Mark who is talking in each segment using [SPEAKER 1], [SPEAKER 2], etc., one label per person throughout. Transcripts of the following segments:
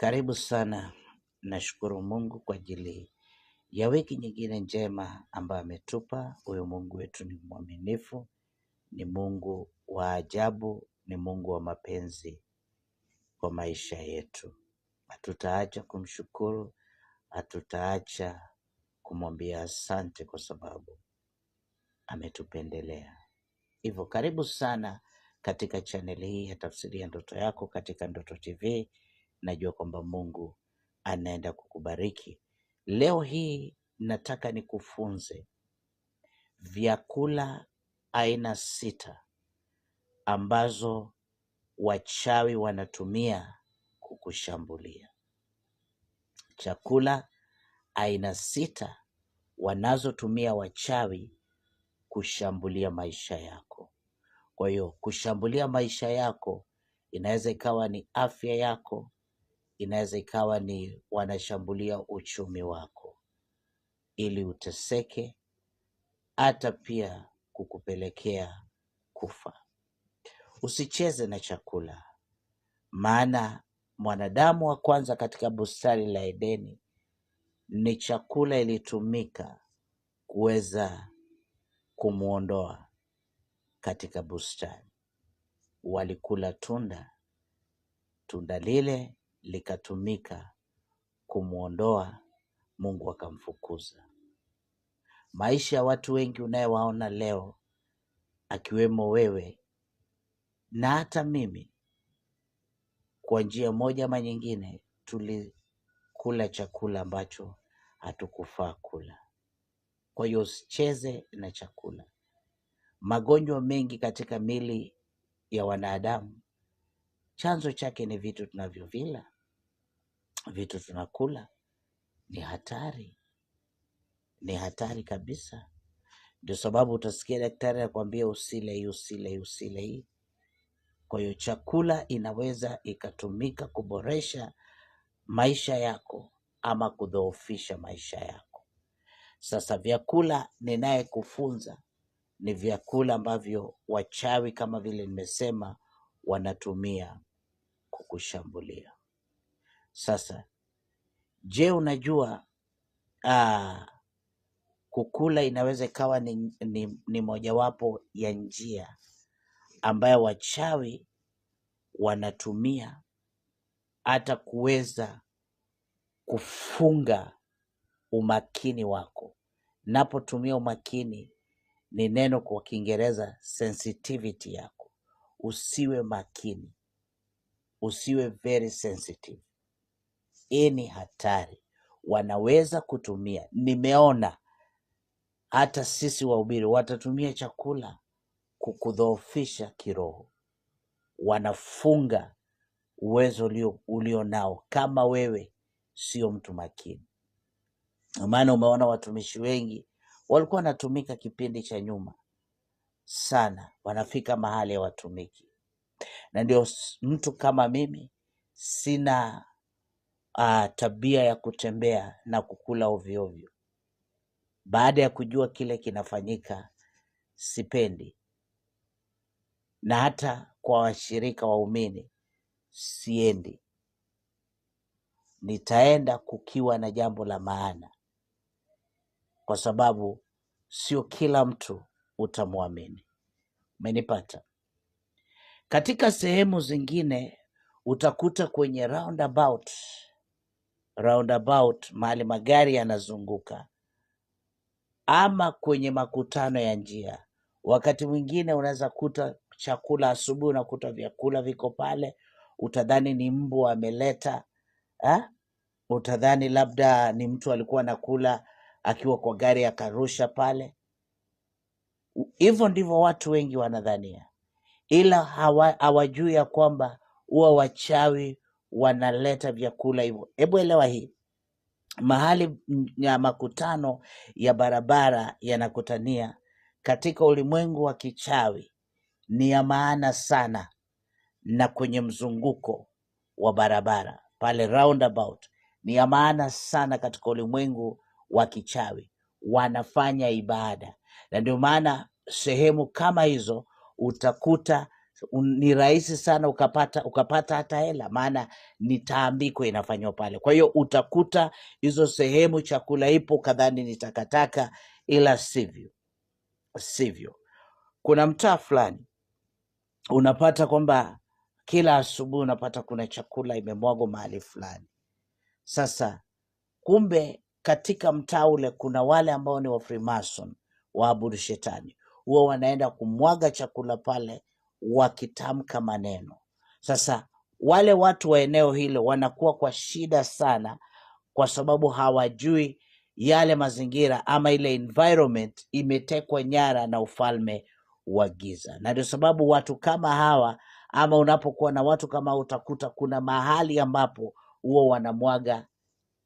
[SPEAKER 1] Karibu sana. Nashukuru Mungu kwa ajili ya wiki nyingine njema ambayo ametupa. Huyo Mungu wetu ni mwaminifu, ni Mungu wa ajabu, ni Mungu wa mapenzi kwa maisha yetu. Hatutaacha kumshukuru, hatutaacha kumwambia asante kwa sababu ametupendelea. Hivyo karibu sana katika chaneli hii ya Tafsiri ya Ndoto Yako katika Ndoto TV najua kwamba Mungu anaenda kukubariki. Leo hii nataka nikufunze vyakula aina sita ambazo wachawi wanatumia kukushambulia. Chakula aina sita wanazotumia wachawi kushambulia maisha yako. Kwa hiyo kushambulia maisha yako inaweza ikawa ni afya yako, inaweza ikawa ni wanashambulia uchumi wako ili uteseke, hata pia kukupelekea kufa. Usicheze na chakula, maana mwanadamu wa kwanza katika bustani la Edeni ni chakula ilitumika kuweza kumwondoa katika bustani. Walikula tunda, tunda lile likatumika kumwondoa, Mungu akamfukuza. Maisha ya watu wengi unayewaona leo, akiwemo wewe na hata mimi, kwa njia moja ama nyingine, tulikula chakula ambacho hatukufaa kula. Kwa hiyo usicheze na chakula. Magonjwa mengi katika mili ya wanadamu Chanzo chake ni vitu tunavyovila, vitu tunakula. Ni hatari, ni hatari kabisa. Ndio sababu utasikia daktari anakuambia usile hii, usile hii, usile hii. Kwa hiyo chakula inaweza ikatumika kuboresha maisha yako ama kudhoofisha maisha yako. Sasa vyakula ninayekufunza ni vyakula ambavyo wachawi kama vile nimesema wanatumia kushambulia. Sasa je, unajua aa, kukula inaweza ikawa ni, ni, ni mojawapo ya njia ambayo wachawi wanatumia hata kuweza kufunga umakini wako. Napotumia umakini ni neno kwa Kiingereza sensitivity yako, usiwe makini usiwe very sensitive. Hii ni hatari, wanaweza kutumia. Nimeona hata sisi wahubiri watatumia chakula kukudhoofisha kiroho, wanafunga uwezo ulio, ulio nao kama wewe sio mtu makini. Maana umeona watumishi wengi walikuwa wanatumika kipindi cha nyuma sana, wanafika mahali watumiki na ndio mtu kama mimi sina uh, tabia ya kutembea na kukula ovyovyo Baada ya kujua kile kinafanyika, sipendi, na hata kwa washirika waumini siendi. Nitaenda kukiwa na jambo la maana, kwa sababu sio kila mtu utamwamini. Umenipata? Katika sehemu zingine utakuta kwenye roundabout, roundabout mahali magari yanazunguka, ama kwenye makutano ya njia. Wakati mwingine unaweza kuta chakula asubuhi, unakuta vyakula viko pale, utadhani ni mbwa ameleta ha? Utadhani labda ni mtu alikuwa anakula akiwa kwa gari akarusha pale. Hivyo ndivyo watu wengi wanadhania ila hawajui ya kwamba huwa wachawi wanaleta vyakula hivyo. Hebu elewa hii mahali ya makutano ya barabara yanakutania katika ulimwengu wa kichawi ni ya maana sana, na kwenye mzunguko wa barabara pale roundabout ni ya maana sana katika ulimwengu wa kichawi, wanafanya ibada, na ndio maana sehemu kama hizo utakuta ni rahisi sana ukapata ukapata hata hela, maana ni taambiko inafanywa pale. Kwa hiyo utakuta hizo sehemu chakula ipo, kadhani ni takataka, ila sivyo, sivyo. Kuna mtaa fulani unapata kwamba kila asubuhi unapata kuna chakula imemwagwa mahali fulani. Sasa kumbe katika mtaa ule kuna wale ambao ni wa waabudu shetani huwa wanaenda kumwaga chakula pale wakitamka maneno. Sasa wale watu wa eneo hilo wanakuwa kwa shida sana, kwa sababu hawajui yale mazingira ama ile environment imetekwa nyara na ufalme wa giza, na ndio sababu watu kama hawa ama unapokuwa na watu kama utakuta kuna mahali ambapo huwa wanamwaga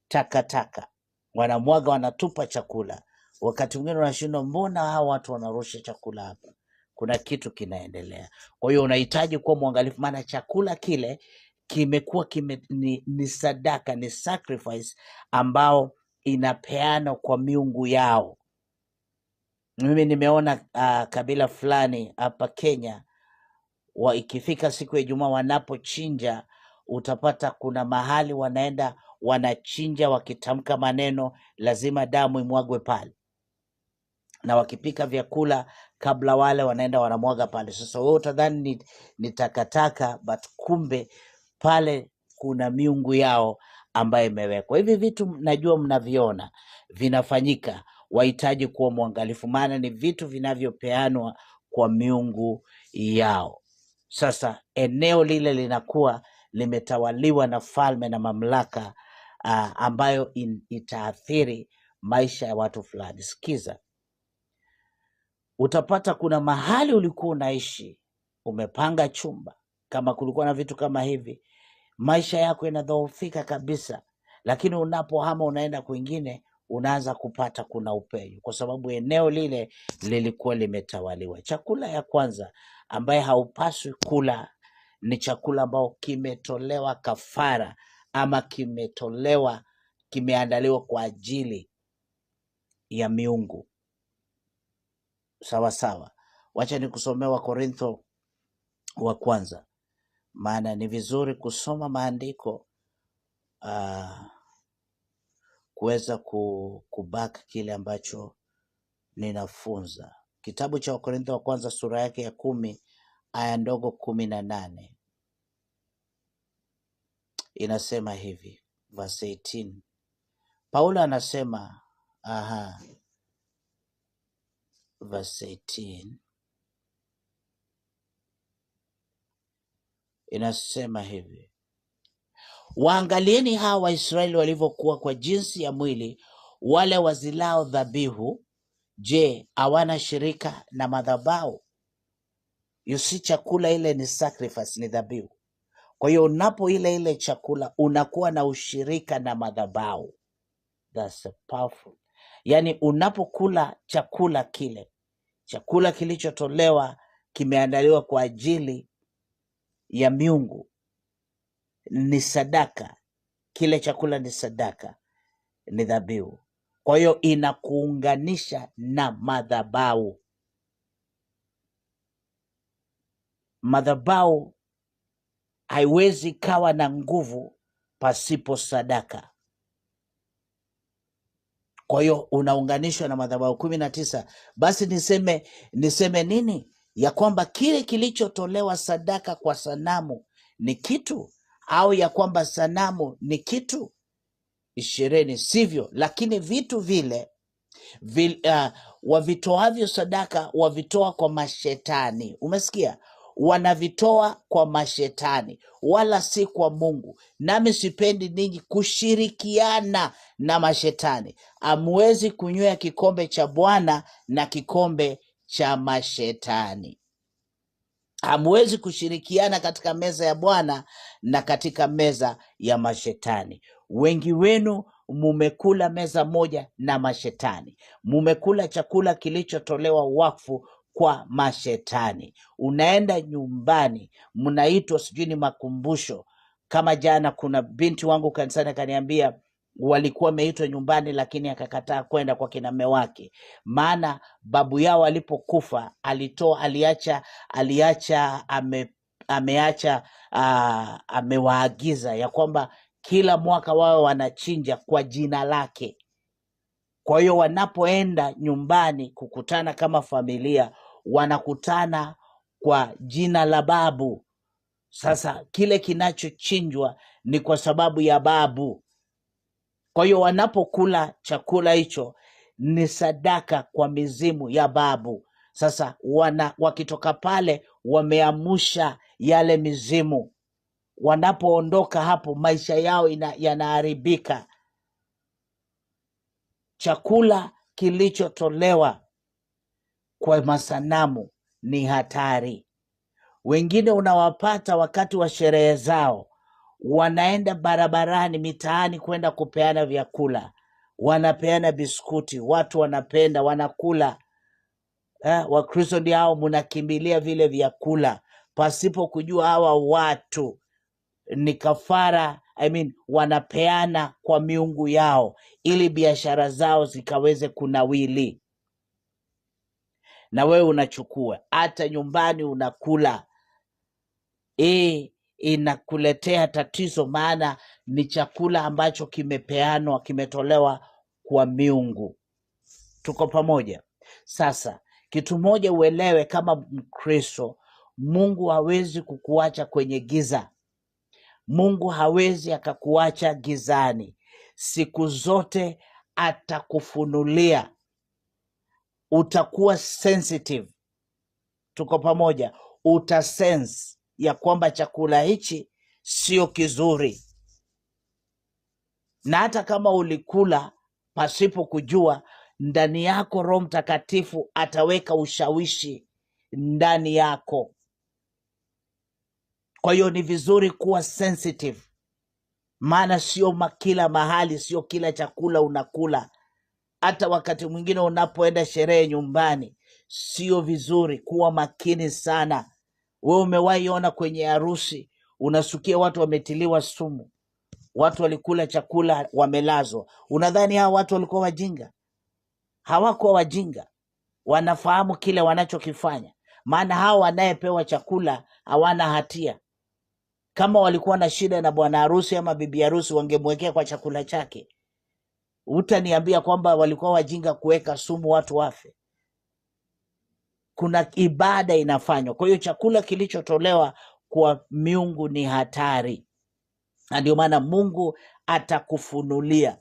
[SPEAKER 1] takataka Wanamwaga wanatupa chakula Wakati mwingine unashindwa, mbona hawa watu wanarusha chakula hapa? Kuna kitu kinaendelea. Kwa hiyo unahitaji kuwa mwangalifu, maana chakula kile kimekuwa kime, ni, ni sadaka, ni sacrifice ambao inapeana kwa miungu yao. Mimi nimeona uh, kabila fulani hapa Kenya wa ikifika siku ya Ijumaa wanapochinja, utapata kuna mahali wanaenda wanachinja wakitamka maneno, lazima damu imwagwe pale na wakipika vyakula kabla wale wanaenda wanamwaga pale. Sasa wewe utadhani ni takataka, but kumbe pale kuna miungu yao ambayo imewekwa. Hivi vitu najua mnaviona vinafanyika, wahitaji kuwa mwangalifu, maana ni vitu vinavyopeanwa kwa miungu yao. Sasa eneo lile linakuwa limetawaliwa na falme na mamlaka uh, ambayo in, itaathiri maisha ya watu fulani. Sikiza, utapata kuna mahali ulikuwa unaishi, umepanga chumba, kama kulikuwa na vitu kama hivi, maisha yako yanadhoofika kabisa, lakini unapohama unaenda kwingine, unaanza kupata kuna upenyu kwa sababu eneo lile lilikuwa limetawaliwa. Chakula ya kwanza ambaye haupaswi kula ni chakula ambao kimetolewa kafara ama kimetolewa kimeandaliwa kwa ajili ya miungu sawa sawa Wacha nikusomea Wakorintho wa kwanza, maana ni vizuri kusoma maandiko uh, kuweza kubaki kile ambacho ninafunza. Kitabu cha Wakorintho wa kwanza sura yake ya kumi aya ndogo kumi na nane inasema hivi, verse 18 Paulo anasema aha, verse 18 inasema hivi, waangalieni hawa Waisraeli walivyokuwa kwa jinsi ya mwili, wale wazilao dhabihu. Je, hawana shirika na madhabahu? Yusi, chakula ile ni sacrifice, ni dhabihu. Kwa hiyo unapo ile ile chakula unakuwa na ushirika na madhabahu. That's powerful. Yani unapokula chakula kile Chakula kilichotolewa kimeandaliwa kwa ajili ya miungu, ni sadaka. Kile chakula ni sadaka, ni dhabihu. Kwa hiyo inakuunganisha na madhabau madhabau haiwezi kawa na nguvu pasipo sadaka. Kwa hiyo unaunganishwa na madhabahu kumi na tisa. Basi niseme niseme nini? Ya kwamba kile kilichotolewa sadaka kwa sanamu ni kitu au ya kwamba sanamu ni kitu? Ishirini, sivyo. Lakini vitu vile vil, uh, wavitoavyo sadaka wavitoa kwa mashetani. Umesikia? wanavitoa kwa mashetani wala si kwa Mungu. Nami sipendi ninyi kushirikiana na mashetani. amwezi kunywea kikombe cha Bwana na kikombe cha mashetani. Hamwezi kushirikiana katika meza ya Bwana na katika meza ya mashetani. Wengi wenu mumekula meza moja na mashetani, mumekula chakula kilichotolewa wakfu kwa mashetani. Unaenda nyumbani, mnaitwa sijui ni makumbusho. Kama jana, kuna binti wangu kanisani akaniambia walikuwa wameitwa nyumbani, lakini akakataa kwenda kwa kina mme wake, maana babu yao alipokufa alitoa, aliacha, aliacha ame, ameacha uh, amewaagiza ya kwamba kila mwaka wao wanachinja kwa jina lake. Kwa hiyo wanapoenda nyumbani kukutana kama familia, wanakutana kwa jina la babu. Sasa kile kinachochinjwa ni kwa sababu ya babu. Kwa hiyo wanapokula chakula hicho ni sadaka kwa mizimu ya babu. Sasa wana wakitoka pale wameamusha yale mizimu. Wanapoondoka hapo, maisha yao yanaharibika. Chakula kilichotolewa kwa masanamu ni hatari. Wengine unawapata wakati wa sherehe zao, wanaenda barabarani, mitaani kwenda kupeana vyakula, wanapeana biskuti, watu wanapenda, wanakula. Eh, Wakristo ndio hao, mnakimbilia vile vyakula pasipo kujua hawa watu ni kafara I mean, wanapeana kwa miungu yao ili biashara zao zikaweze kunawili na wewe unachukua, hata nyumbani unakula. Hii inakuletea tatizo, maana ni chakula ambacho kimepeanwa, kimetolewa kwa miungu. Tuko pamoja? Sasa kitu moja uelewe, kama Mkristo, Mungu hawezi kukuacha kwenye giza. Mungu hawezi akakuacha gizani, siku zote atakufunulia utakuwa sensitive. Tuko pamoja, utasense ya kwamba chakula hichi sio kizuri, na hata kama ulikula pasipo kujua, ndani yako Roho Mtakatifu ataweka ushawishi ndani yako. Kwa hiyo ni vizuri kuwa sensitive, maana sio kila mahali, sio kila chakula unakula hata wakati mwingine unapoenda sherehe nyumbani, sio vizuri. Kuwa makini sana. Wewe umewaiona kwenye harusi, unasukia watu wametiliwa sumu, watu walikula chakula wamelazwa. Unadhani hawa watu walikuwa wajinga? Hawakuwa wajinga, wanafahamu kile wanachokifanya, maana hawa wanayepewa chakula hawana hatia. Kama walikuwa na shida na bwana harusi ama bibi harusi, wangemwekea kwa chakula chake utaniambia kwamba walikuwa wajinga kuweka sumu watu wafe. Kuna ibada inafanywa, kwa hiyo chakula kilichotolewa kwa miungu ni hatari, na ndio maana Mungu atakufunulia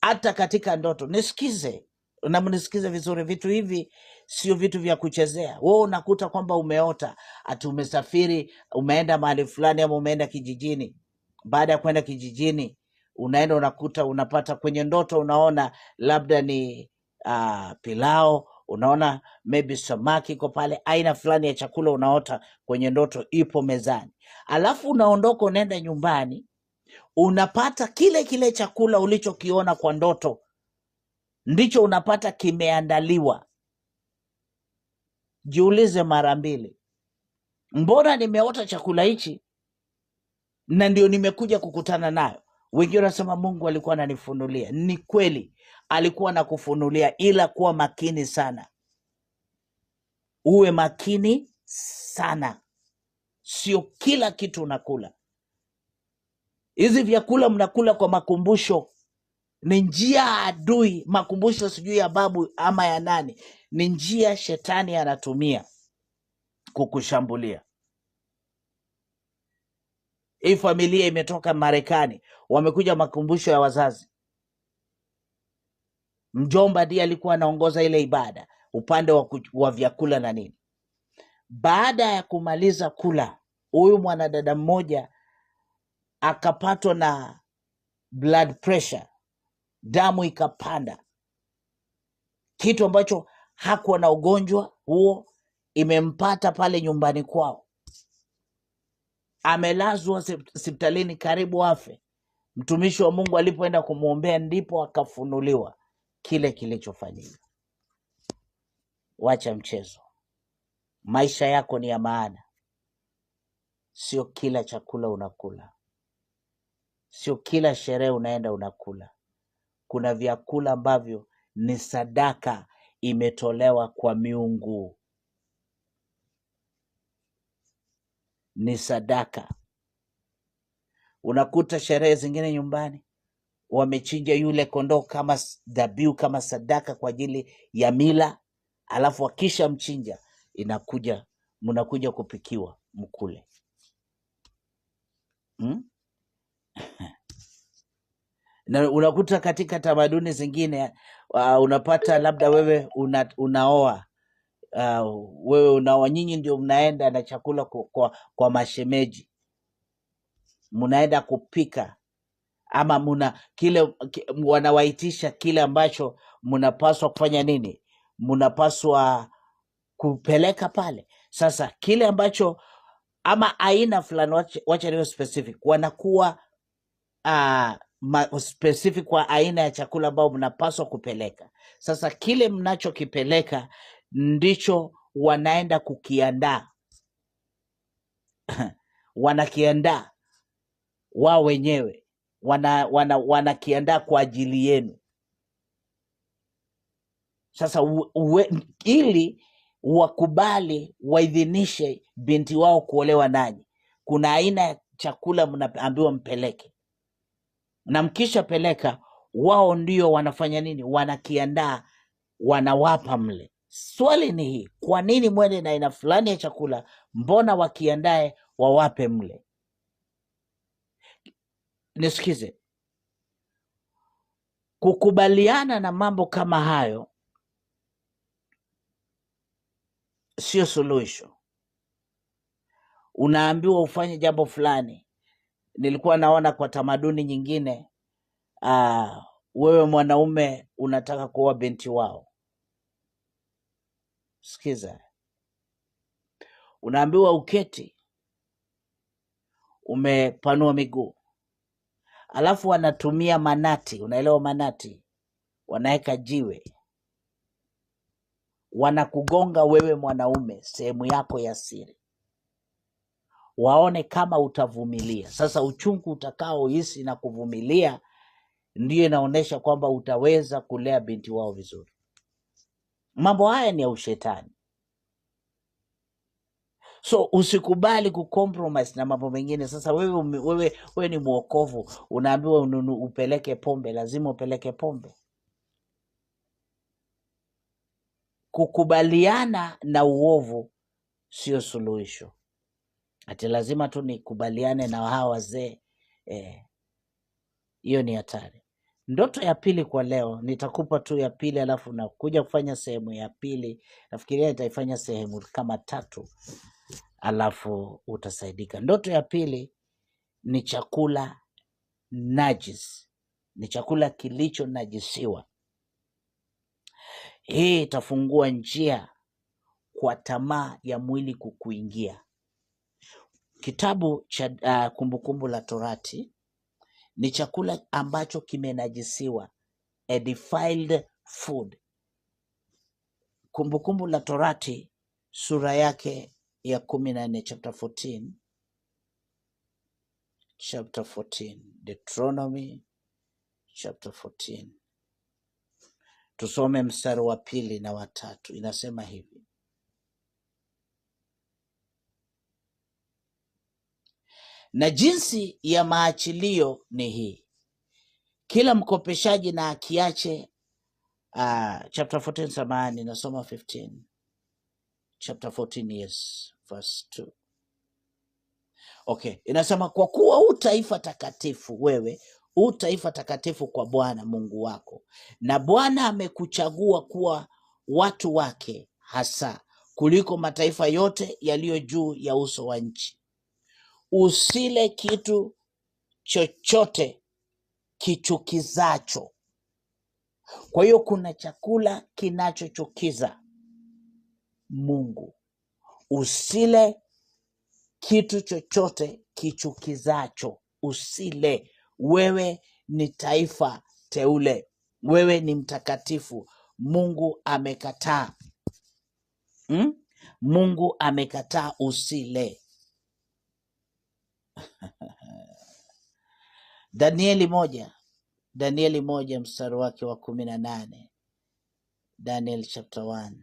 [SPEAKER 1] hata katika ndoto. Nisikize na mnisikize vizuri, vitu hivi sio vitu vya kuchezea. Wewe unakuta kwamba umeota ati umesafiri, umeenda mahali fulani, ama umeenda kijijini. Baada ya kwenda kijijini, unaenda unakuta unapata kwenye ndoto unaona labda ni uh, pilao unaona maybe samaki iko pale, aina fulani ya chakula unaota kwenye ndoto ipo mezani, alafu unaondoka unaenda nyumbani, unapata kile kile chakula ulichokiona kwa ndoto ndicho unapata kimeandaliwa. Jiulize mara mbili, mbona nimeota chakula hichi na ndio nimekuja kukutana nayo? Wengine wanasema Mungu alikuwa ananifunulia. Ni kweli alikuwa nakufunulia ila kuwa makini sana, uwe makini sana. Sio kila kitu unakula. Hizi vyakula mnakula kwa makumbusho, ni njia adui. Makumbusho sijui ya babu ama ya nani, ni njia shetani anatumia kukushambulia. Hii familia imetoka Marekani, wamekuja makumbusho ya wazazi. Mjomba ndiye alikuwa anaongoza ile ibada upande wa, wa vyakula na nini. Baada ya kumaliza kula, huyu mwanadada mmoja akapatwa na blood pressure, damu ikapanda, kitu ambacho hakuwa na ugonjwa huo, imempata pale nyumbani kwao amelazwa hospitalini karibu afe. Mtumishi wa Mungu alipoenda kumwombea, ndipo akafunuliwa kile kilichofanyika. Wacha mchezo, maisha yako ni ya maana. Sio kila chakula unakula, sio kila sherehe unaenda unakula. Kuna vyakula ambavyo ni sadaka imetolewa kwa miungu ni sadaka. Unakuta sherehe zingine nyumbani wamechinja yule kondoo kama dhabihu, kama sadaka kwa ajili ya mila, alafu wakisha mchinja inakuja mnakuja kupikiwa mkule, hmm? na unakuta katika tamaduni zingine uh, unapata labda wewe una, unaoa uh, wewe na nyinyi ndio mnaenda na chakula kwa, kwa, kwa mashemeji mnaenda kupika ama muna kile wanawaitisha kile ambacho mnapaswa kufanya nini, mnapaswa kupeleka pale. Sasa kile ambacho ama aina fulani, wacha niwe specific, wanakuwa uh, ma, specific kwa aina ya chakula ambao mnapaswa kupeleka. Sasa kile mnachokipeleka ndicho wanaenda kukiandaa wanakiandaa wao wenyewe, wana, wana, wanakiandaa kwa ajili yenu. Sasa uwe, ili wakubali waidhinishe binti wao kuolewa nanyi, kuna aina ya chakula mnaambiwa mpeleke, na mkishapeleka wao ndio wanafanya nini? Wanakiandaa, wanawapa mle. Swali ni hii, kwa nini mwende na aina fulani ya chakula? Mbona wakiandae wawape mle? Nisikize, kukubaliana na mambo kama hayo sio suluhisho. Unaambiwa ufanye jambo fulani. Nilikuwa naona kwa tamaduni nyingine, uh, wewe mwanaume unataka kuoa binti wao Sikiza, unaambiwa uketi, umepanua miguu, alafu wanatumia manati. Unaelewa manati? Wanaweka jiwe, wanakugonga wewe mwanaume sehemu yako ya siri, waone kama utavumilia. Sasa uchungu utakaohisi na kuvumilia, ndiyo inaonyesha kwamba utaweza kulea binti wao vizuri. Mambo haya ni ya ushetani. So usikubali kucompromise na mambo mengine. Sasa wewe, wewe, wewe ni mwokovu, unaambiwa ununu upeleke pombe, lazima upeleke pombe. Kukubaliana na uovu sio suluhisho, ati lazima tu nikubaliane na hawa wazee eh, hiyo ni hatari. Ndoto ya pili kwa leo, nitakupa tu ya pili, alafu nakuja kufanya sehemu ya pili. Nafikiria nitaifanya sehemu kama tatu, alafu utasaidika. Ndoto ya pili ni chakula najis, ni chakula kilichonajisiwa. Hii itafungua njia kwa tamaa ya mwili kukuingia. Kitabu cha uh, Kumbukumbu la Torati ni chakula ambacho kimenajisiwa, a defiled food. Kumbukumbu kumbu la Torati sura yake ya kumi na nne chapter 14, chapter 14, Deuteronomy chapter 14. Tusome mstari wa pili na watatu, inasema hivi: na jinsi ya maachilio ni hii: kila mkopeshaji na akiache. Uh, chapter 14 samani, nasoma 15 chapter 14 yes verse 2. Okay, inasema kwa kuwa u taifa takatifu wewe u taifa takatifu kwa Bwana Mungu wako, na Bwana amekuchagua kuwa watu wake hasa kuliko mataifa yote yaliyo juu ya uso wa nchi usile kitu chochote kichukizacho. Kwa hiyo kuna chakula kinachochukiza Mungu. Usile kitu chochote kichukizacho, usile. Wewe ni taifa teule, wewe ni mtakatifu. Mungu amekataa hmm? Mungu amekataa usile. Danieli moja Danieli moja mstari wake wa kumi na nane Daniel chapter one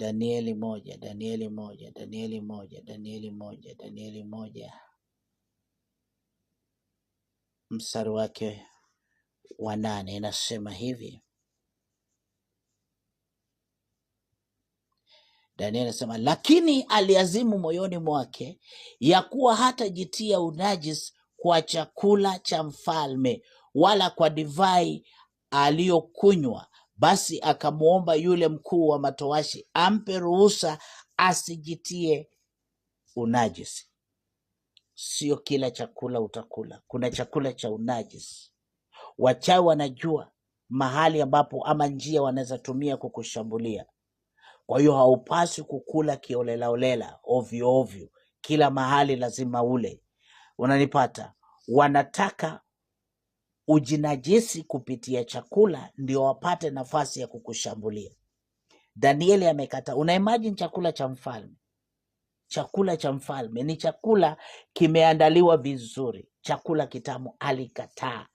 [SPEAKER 1] Danieli moja Danieli moja Danieli moja Danieli moja Danieli moja mstari wake wa nane inasema hivi Danieli anasema, lakini aliazimu moyoni mwake ya kuwa hatajitia unajis kwa chakula cha mfalme wala kwa divai aliyokunywa. Basi akamwomba yule mkuu wa matoashi ampe ruhusa asijitie unajisi. Sio kila chakula utakula, kuna chakula cha unajisi. Wachawi wanajua mahali ambapo ama njia wanaweza tumia kukushambulia. Kwa hiyo haupaswi kukula kiolelaolela ovyo ovyo, kila mahali lazima ule. Unanipata? Wanataka ujinajisi kupitia chakula ndio wapate nafasi ya kukushambulia. Danieli amekata. Una imagine chakula cha mfalme, chakula cha mfalme ni chakula kimeandaliwa vizuri, chakula kitamu, alikataa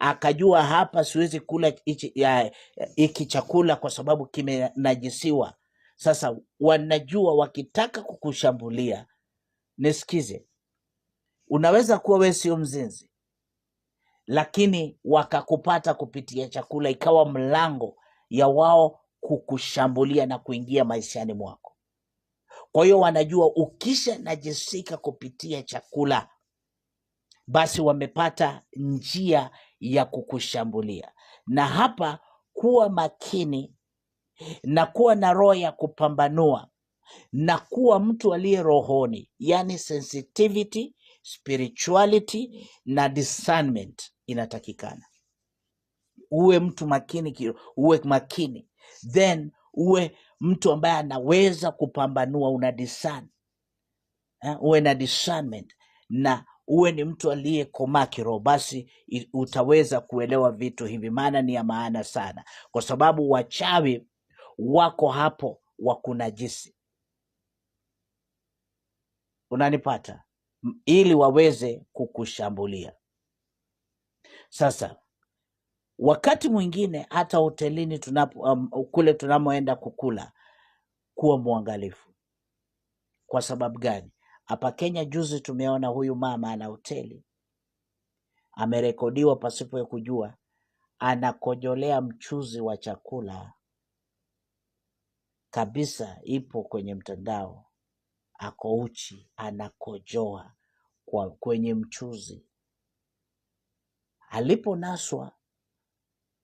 [SPEAKER 1] akajua hapa siwezi kula hiki chakula kwa sababu kimenajisiwa. Sasa wanajua wakitaka kukushambulia, nisikize, unaweza kuwa wewe sio mzinzi, lakini wakakupata kupitia chakula, ikawa mlango ya wao kukushambulia na kuingia maishani mwako. Kwa hiyo wanajua ukisha najisika kupitia chakula, basi wamepata njia ya kukushambulia. Na hapa kuwa makini na kuwa na roho ya kupambanua na kuwa mtu aliye rohoni, yani sensitivity, spirituality na discernment inatakikana. Uwe mtu makini kiro, uwe makini then uwe mtu ambaye anaweza kupambanua, una discern, eh, uwe na discernment na uwe ni mtu aliyekomaa kiroho, basi utaweza kuelewa vitu hivi, maana ni ya maana sana, kwa sababu wachawi wako hapo wa kunajisi, unanipata, ili waweze kukushambulia. Sasa wakati mwingine hata hotelini tunapo, um, kule tunamoenda kukula, kuwa mwangalifu. Kwa sababu gani? Hapa Kenya juzi tumeona huyu mama ana hoteli amerekodiwa pasipo ya kujua, anakojolea mchuzi wa chakula kabisa, ipo kwenye mtandao, ako uchi, anakojoa kwa kwenye mchuzi. Aliponaswa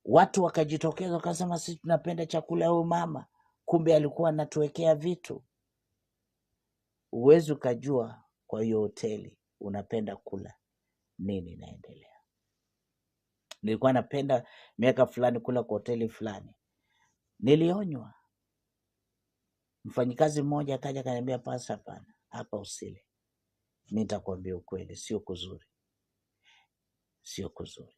[SPEAKER 1] watu wakajitokeza wakasema, sisi tunapenda chakula huyu mama, kumbe alikuwa anatuwekea vitu. Huwezi ukajua kwa hiyo hoteli unapenda kula nini inaendelea. Nilikuwa napenda miaka fulani kula kwa hoteli fulani, nilionywa. Mfanyikazi mmoja akaja akaniambia, Pasa, hapana, hapa usile. Mi nitakuambia ukweli, sio kuzuri, sio kuzuri.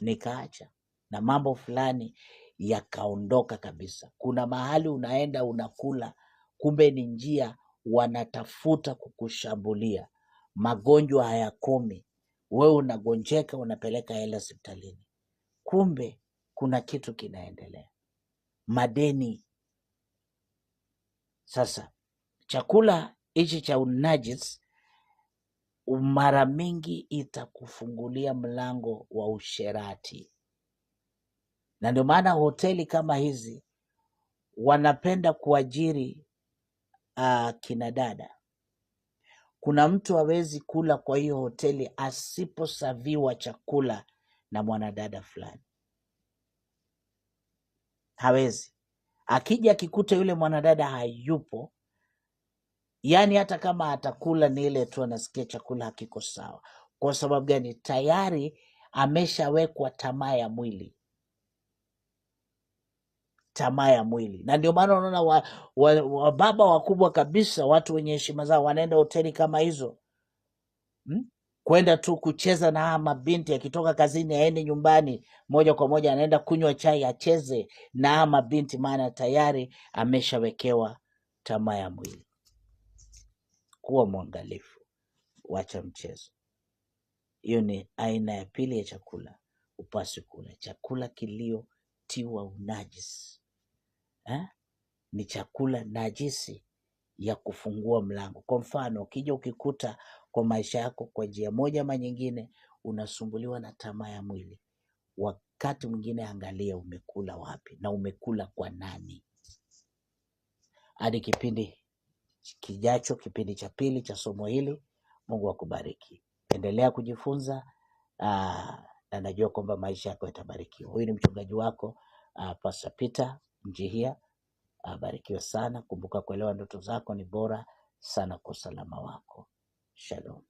[SPEAKER 1] Nikaacha na mambo fulani yakaondoka kabisa. Kuna mahali unaenda unakula, kumbe ni njia wanatafuta kukushambulia. Magonjwa hayakomi, wewe unagonjeka, unapeleka hela hospitalini, kumbe kuna kitu kinaendelea. Madeni sasa, chakula hichi cha unajis mara mingi itakufungulia mlango wa usherati, na ndio maana hoteli kama hizi wanapenda kuajiri uh, kina dada. Kuna mtu hawezi kula kwa hiyo hoteli asiposaviwa chakula na mwanadada fulani, hawezi. Akija akikuta yule mwanadada hayupo, yaani hata kama atakula ni ile tu, anasikia chakula hakiko sawa. Kwa sababu gani? Tayari ameshawekwa tamaa ya mwili tamaa ya mwili, na ndio maana unaona wababa wa, wa, wakubwa kabisa, watu wenye heshima zao wanaenda hoteli kama hizo hmm? kwenda tu kucheza na haya mabinti, akitoka kazini aende nyumbani moja kwa moja, anaenda kunywa chai, acheze na haya mabinti, maana tayari ameshawekewa tamaa ya mwili. Kuwa mwangalifu, wacha mchezo. Hiyo ni aina ya pili ya chakula upasi kula, chakula kiliotiwa unajisi eh, ni chakula najisi ya kufungua mlango. Kwa mfano, ukija ukikuta kwa maisha yako kwa njia moja ama nyingine unasumbuliwa na tamaa ya mwili, wakati mwingine angalia umekula wapi na umekula kwa nani. Hadi kipindi kijacho, kipindi cha pili cha somo hili. Mungu akubariki, endelea kujifunza aa, ah, na najua kwamba maisha yako yatabarikiwa. Huyu ni mchungaji wako ah, Pastor Peter. Njihia abarikiwe sana. Kumbuka, kuelewa ndoto zako ni bora sana kwa usalama wako. Shalom.